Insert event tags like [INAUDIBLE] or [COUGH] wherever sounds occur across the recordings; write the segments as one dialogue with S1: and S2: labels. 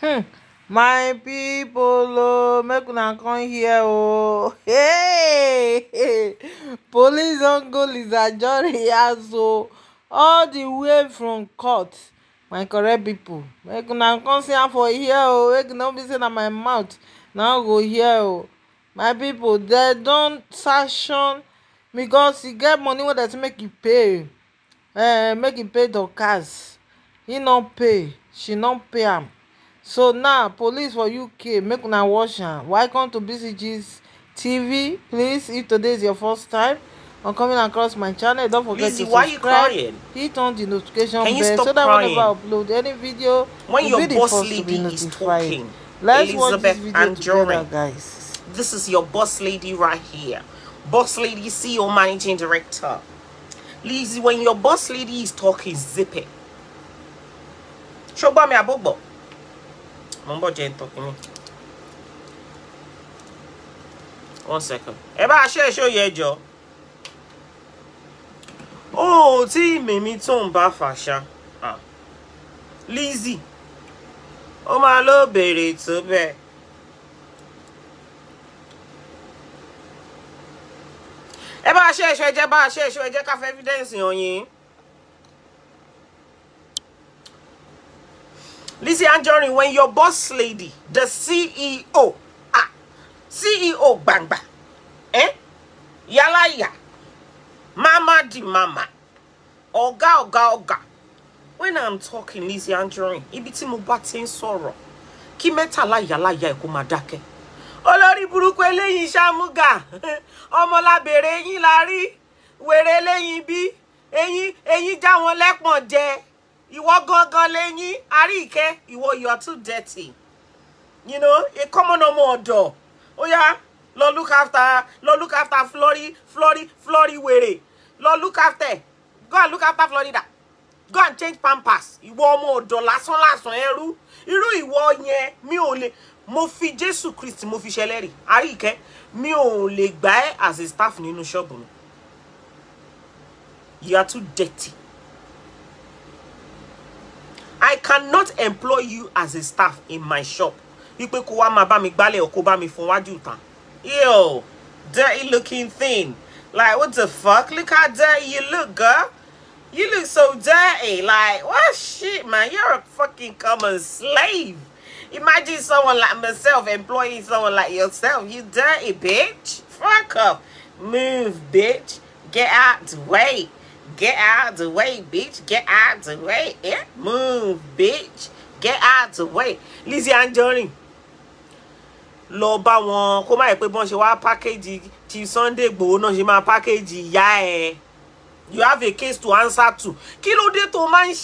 S1: hmm my people, o make una come here oh, hey hey police don go lizard jory house o all the way from court my correct people, make una come see am for here oh, make no be say na my mouth na go here, oh, my people, they don sanction because e get money wey dem make e pay eh make e pay the dorcas e no pay she no pay am so now police for uk make now watch welcome to bcgs tv please if today is your first time on coming across my channel don't forget Lizzie, to subscribe hit on the notification bell so that whenever i upload any video when your be boss lady is talking let's Elizabeth watch this video together guys this is your boss lady right here boss lady ceo managing director Lizzie, when your boss lady is talking zip it show me a bobo mo ń bọ̀ jẹ́ one second ẹ bá ṣe é ṣó yẹ jọ ó tí mèmí tó ń bá fàṣà Lizzy ó máa ló béèrè tó bẹ́ẹ̀. ẹ bá ṣe èso ẹ jẹ́ bá ṣe èso ẹ jẹ́ ká evidence hàn yín. Lizzie Anjorin, when your boss lady, the CEO, ah, CEO Bangba, eh? Yalaya, Mama di Mama, Oga Oga Oga. When I'm talking Lizzie Anjorin, ibi tí mo bá ti ń sọ̀rọ̀, kí mẹ́tàlá yàláyà ẹ̀ kó máa dákẹ́. Olórí burúkú eléyìí ṣàmúgà, [LAUGHS] ọmọ lábèrè eyín la rí, wèrè eléyìí bí, eyín eyín já wọn ìwọ gangan lẹ́yìn Àríkẹ́ ìwọ you are too dirty you know a common ọmọ ọ̀dọ̀ ó yá lọ look after lọ look after flori flori flori wèrè lọ look after go and look after florida go and change pampers ìwọ ọmọ ọ̀dọ̀ lásán lásán ẹrú irú ìwọ yẹn mi ò lè mo fi jésù kristi mo fi ṣẹlẹ́rì Àríkẹ́ mi ò lè gbà ẹ́ as a staff nínú ṣọ́ọ̀bù mi you are too dirty I cannot employ you as a staff in my shop. You kó wá máa bá mi or o kó bá mi you. Yo, dirty looking thing. Like what the fuck? Look how dirty you look, girl. You look so dirty. Like what shit, man? You're a fucking common slave. Imagine someone like myself employing someone like yourself. You dirty bitch. Fuck up. Move, bitch. Get out the way. Get out the way, bitch. Get out the way. Yeah, move, bitch. Get out the way. Lizzie Anjorin lọ bá wọn kó má yẹ pé bọ́n ṣe wá pákéjì ti Sunday Igboho náà ṣe máa pákéjì ìyá ẹ̀ you have a case to answer to Kilo de to tó máa ń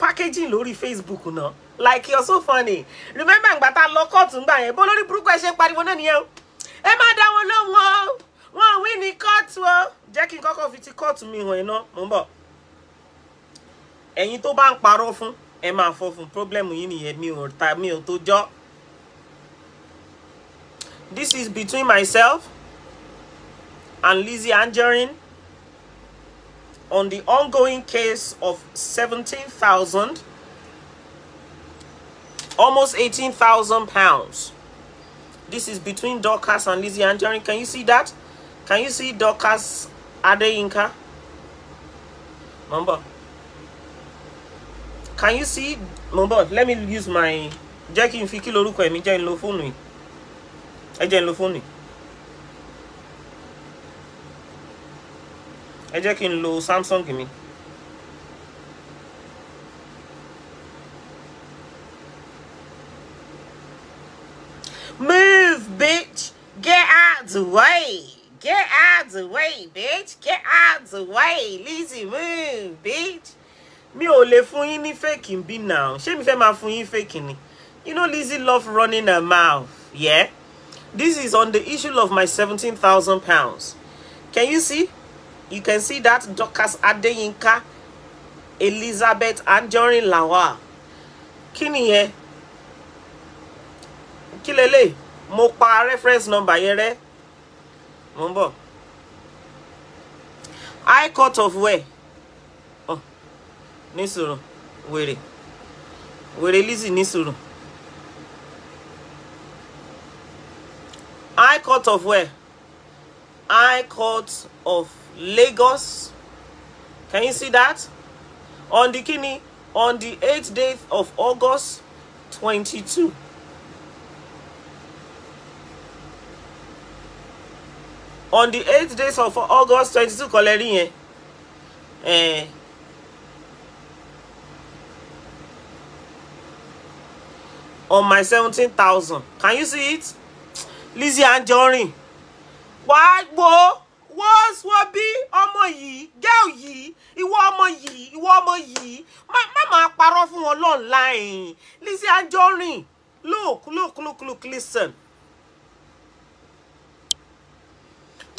S1: packaging lórí Facebook náà like you're so funny remember ìgbà tá lock out kóòtù ńgbà yẹn bó lórí burúkú ẹ ṣe pariwo náà nìyẹn o ẹ má dá wọn lóhùn o wọn wí ní kóòtù o jẹ́ kí n kọ́kọ́ fi ti kóòtù mi hàn iná mò ń bọ̀ ẹ̀yin tó bá ń parọ́ fún ẹ máa fọ́ fún pírọ́blẹ́mù yìí nìyẹn mi ò ta mi ò tó jọ́ this is between myself and Lizzie Anjorin on the ongoing case of seventeen thousand almost eighteen thousand pounds. This is between Dorcas and Lizzie Anjorin. Can you see that? Can you see Dorcas Adeyinka? Mumbo. Can you see Mumbo? Let me use my jẹ́ kí n fi kí lorúkọ ẹ̀mí jẹ́ n lo fóònù yìí ẹ jẹ́ n lo fóònù yìí ẹ Samsung mi. Move, bitch. Get out the way. Get out the way, bitch. Get out the way. Lizzie move, bitch. Mi o le fún yín ní fake bí now. Ṣé mi fẹ́ máa fún yín fake ni? You know Lizzie love running her mouth. Yeah? This is on the issue of my 17,000 pounds. Can you see? You can see that Dorcas Adeyinka, Elizabeth and Lawal. Lawa. Kini yẹn? Kilele? Mo pa reference number yẹn rẹ́ mo I bọ̀ high of where Oh, ní where? Where is Lizzy I sùúrù high of where I court of Lagos can you see that on the kini on the eighth day of August twenty-two. on the eight days of august twenty two kọ́lẹ́ rí yẹn eh. on my seventeen thousand can you see it Lizzy Anjorin wàá wo wọ́ọ́sọ́bí ọmọ yìí gẹ́ọ̀ yìí ìwọ ọmọ yìí ìwọ ọmọ yìí má máa parọ́ fún wọn lọ́nláìn Lizzy Anjorin look look look look listen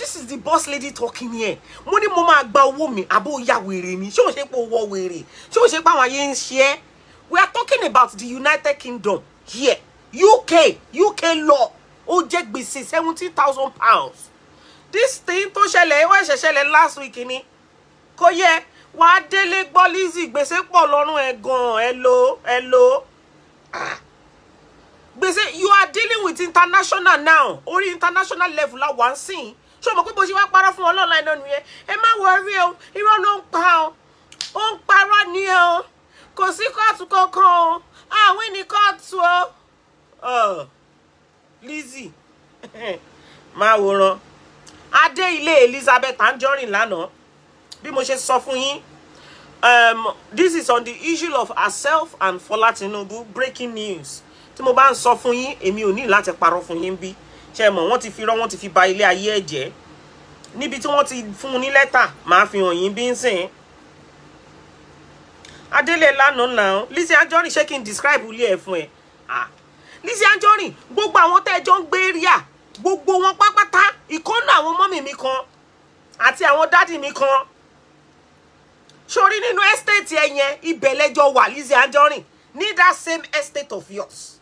S1: this is the boss lady talking here mo ní mo máa gba owó mi àbó ya wèrè ni ṣé o ṣe pé o wọ wèrè o ṣe pé àwọn ayé ń we are talking about the united kingdom here uk uk law ó jẹ́ gbèsè seventy thousand pounds this thing tó ṣẹlẹ̀ ó ṣẹ̀ ṣẹlẹ̀ last week ni kò yẹ wàá délé gbọ́ Lizzy gbèsè pọ̀ lọ́rùn ẹ̀ gan Hello, hello. lo ah. you are dealing with international now orí international level la wà ń ṣé o mọ̀ pé bó ṣe wá parọ́ fún ọlọ́ọ̀la iná nìyẹn ẹ má wọrí o irọ́ ló ń pa o ó ń parọ́ ni o kò sí kóòtù kankan o àwọn ní kóòtù o Lizzie [LAUGHS] máa wòran adé ilé Elizabeth Anjorin lánàá bí mo ṣe sọ fún yín um, this is on the issue of herself and Fola Tinubu breaking news tí mo bá ń sọ fún yín èmi ò ní láti parọ́ fún yín bí ṣe mọ̀ wọ́n ti fi rọ́ wọ́n ti fi ba ilé ayé ẹ̀ jẹ́ níbi tí wọ́n ti fún un ní lẹ́tà máa fi hàn yín bí ń sìn adélé lánàá náà Lizzy Anjorin ṣé kí n describe ilé ẹ̀ fún ẹ Lizzy Anjorin gbogbo àwọn tẹ́jọ́ ń gbé ríà gbogbo wọn pápátá ìkọ́nà àwọn mọ́mì mi kan àti àwọn dádì mi kan sórí nínú estate ẹ yẹn ibẹ̀ lẹ́jọ́ wà Lizzy Anjorin ní that same estate of yours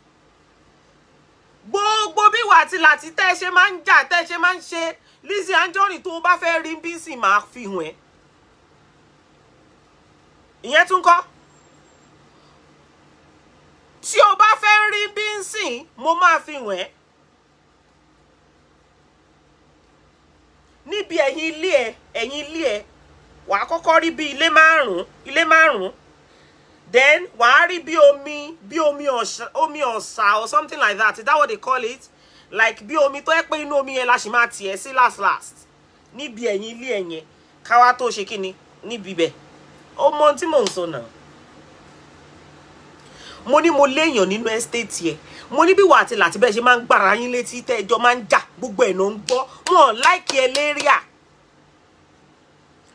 S1: gbogbo bí wà àti làtí tẹ́ ṣe máa ń jà tẹ́ ṣe máa ń ṣe Lizzy Anjorin tó bá fẹ́ rí bí sì máa fi hùn ẹ́ ìyẹn tún kọ́ tí o bá fẹ́ rí bí ń mo máa fi hùn ẹ́ níbi ẹ̀yìn ilé ẹ̀yìn ilé ẹ̀ wàá kọ́kọ́ rí bí ilé márùn-ún ilé márùn-ún then wàá rí bí omi bí omi ọ̀sà omi ọ̀sà or something like that is that what they call it like bí omi tó yẹ pé inú omi yẹn la ṣì máa tì sí last last níbi ẹ̀yìn ilé ẹ̀yẹn káwá tó ṣe kíni níbi ibẹ̀ ó mọ tí mò ń sọ náà mo ní mo léèyàn nínú ẹ́stéètì ẹ̀ mo ní bí wà àti làtí bẹ́ẹ̀ ṣe máa ń gbàrà yín létí tẹ́ ẹjọ́ máa ń jà gbogbo ẹ̀ ń gbọ́ wọn like ẹ léríà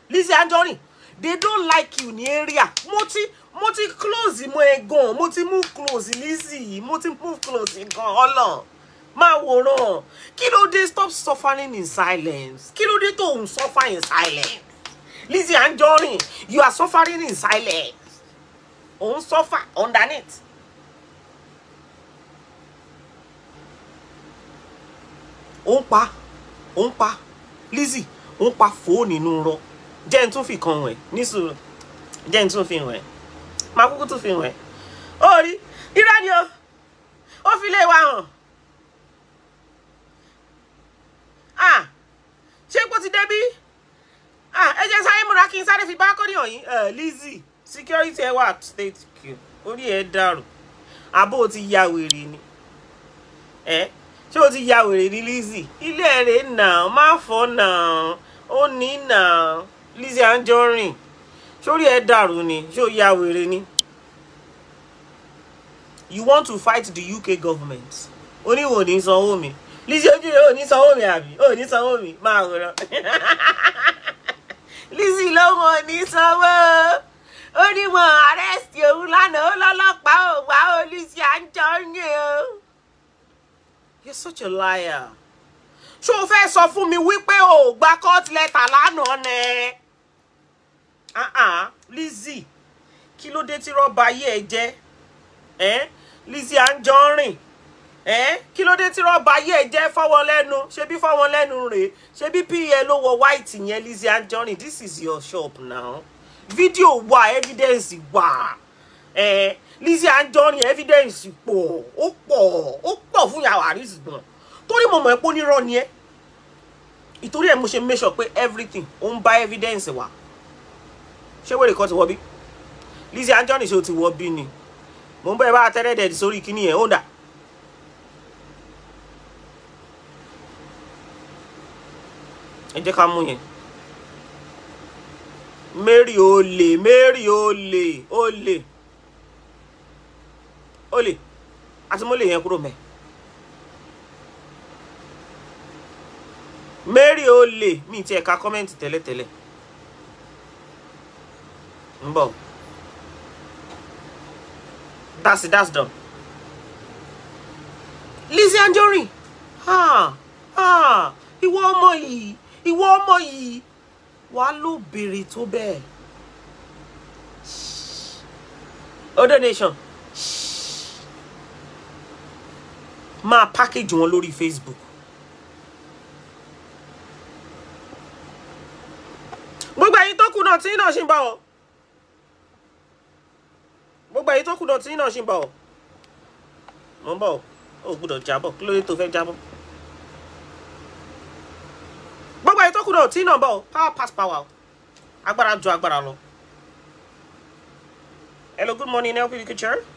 S1: Lizzy Anjorin they don't like you ní area mo ti mo ti close mọ ẹ gan mo ti move close nísìnyí mo ti move close gan ọlọ máa wòran kí ló dé stop suffering in silence kí ló dé tó ń suffer in silence Lizzy Anjorin you are suffering in silence òun suffer underneath. òun pa òun pa Lizzy òun pa fòó nínú rọ jẹ́ n tún fi kan wẹ̀ nísòro jẹ́ n tún fi wẹ̀ máa kúkú tún fi hàn ẹ́ ó rí irọ́ ni o ó fi lé wa hàn ah ṣé kó ti débí ah ẹ jẹ́ sáré múra kí n sáré fi bákọ́rì hàn yín Lizzy security ẹ state q orí ẹ dàrú àbó ti ya wèrè ni ẹ ṣé o ti ya wèrè ní Lizzy ilé ẹ̀rẹ̀ náà má fọ́ náà ó ní náà Lizzy Anjorin sórí ẹ dàrú ni ṣé o ya wèrè ni you want to fight the UK government oníwò ní sanwó mi Lizzy Anjorin ò ní sanwó mi àbí ò ní sanwó mi máa wòran [LAUGHS] Lizzie, lóhun ò ní sanwó ó ní wọn àrẹ́sì òun lánàá ó lọ́lọ́pàá ò wá ó Lizzy Anjorin o. You're such a liar. ṣó o fẹ́ sọ fún mi wípé o ò gba court letter lánàá nẹ́ẹ́. Ah, ah Lizzy kí ló dé tí rọ́ọ̀bù ayé ẹ jẹ́ ẹ́ Lizzy Anjorin ẹ́ kí ló dé tí rọ́ọ̀bù ayé ẹ jẹ́ fọ́wọ́n lẹ́nu ṣebí fọ́wọ́n lẹ́nu rèé ṣebí pa e ló wọ white yẹn Lizzy Anjorin this is your shop now Video, wà evidence wà ẹ Lizzy Anjorin evidence pọ̀ ó pọ̀ ó pọ̀ fún yàrá àrísì gan torí mo mọ̀ ẹ́ pé onírọ́ ni ẹ́ ìtorí ẹ̀ mo ṣe make sure pé everything ó ń bá evidence wà ṣé wèrè kan ti wọ bí Lizzie Anjorin ṣe ti wọ ni mò ń bẹ́ẹ̀ bá tẹ́rẹ́dẹ̀ sórí kíní yẹn ó dà ẹ jẹ́ ká mú yẹn mary olè mary olè olè olè àti mo lè yẹn kúrò mẹ́ mary olè mi ti ẹ̀ka kọ́mẹ́ǹtì tẹ́lẹ̀tẹ́lẹ̀ ń that's it that's done Lizzie Lizzy Anjorin ah ah ìwọ ọmọ He, ìwọ ọmọ yìí wàá ló béèrè tó Shh. Other nation Shh. máa package wọn lórí Facebook gbogbo ẹ̀yin tó kù náà tí náà ṣe ń bá wọn gbogbo èyí tó kù dọ̀tí náà ṣì ń bọ̀ mo ń bọ̀ ó gbúdọ̀ jábọ̀ kí ló dé tó fẹ́ jábọ̀ gbogbo èyí tó kù dọ̀tí náà bọ̀ power pass power agbára ju agbára lọ hello good morning nelpin kitchen.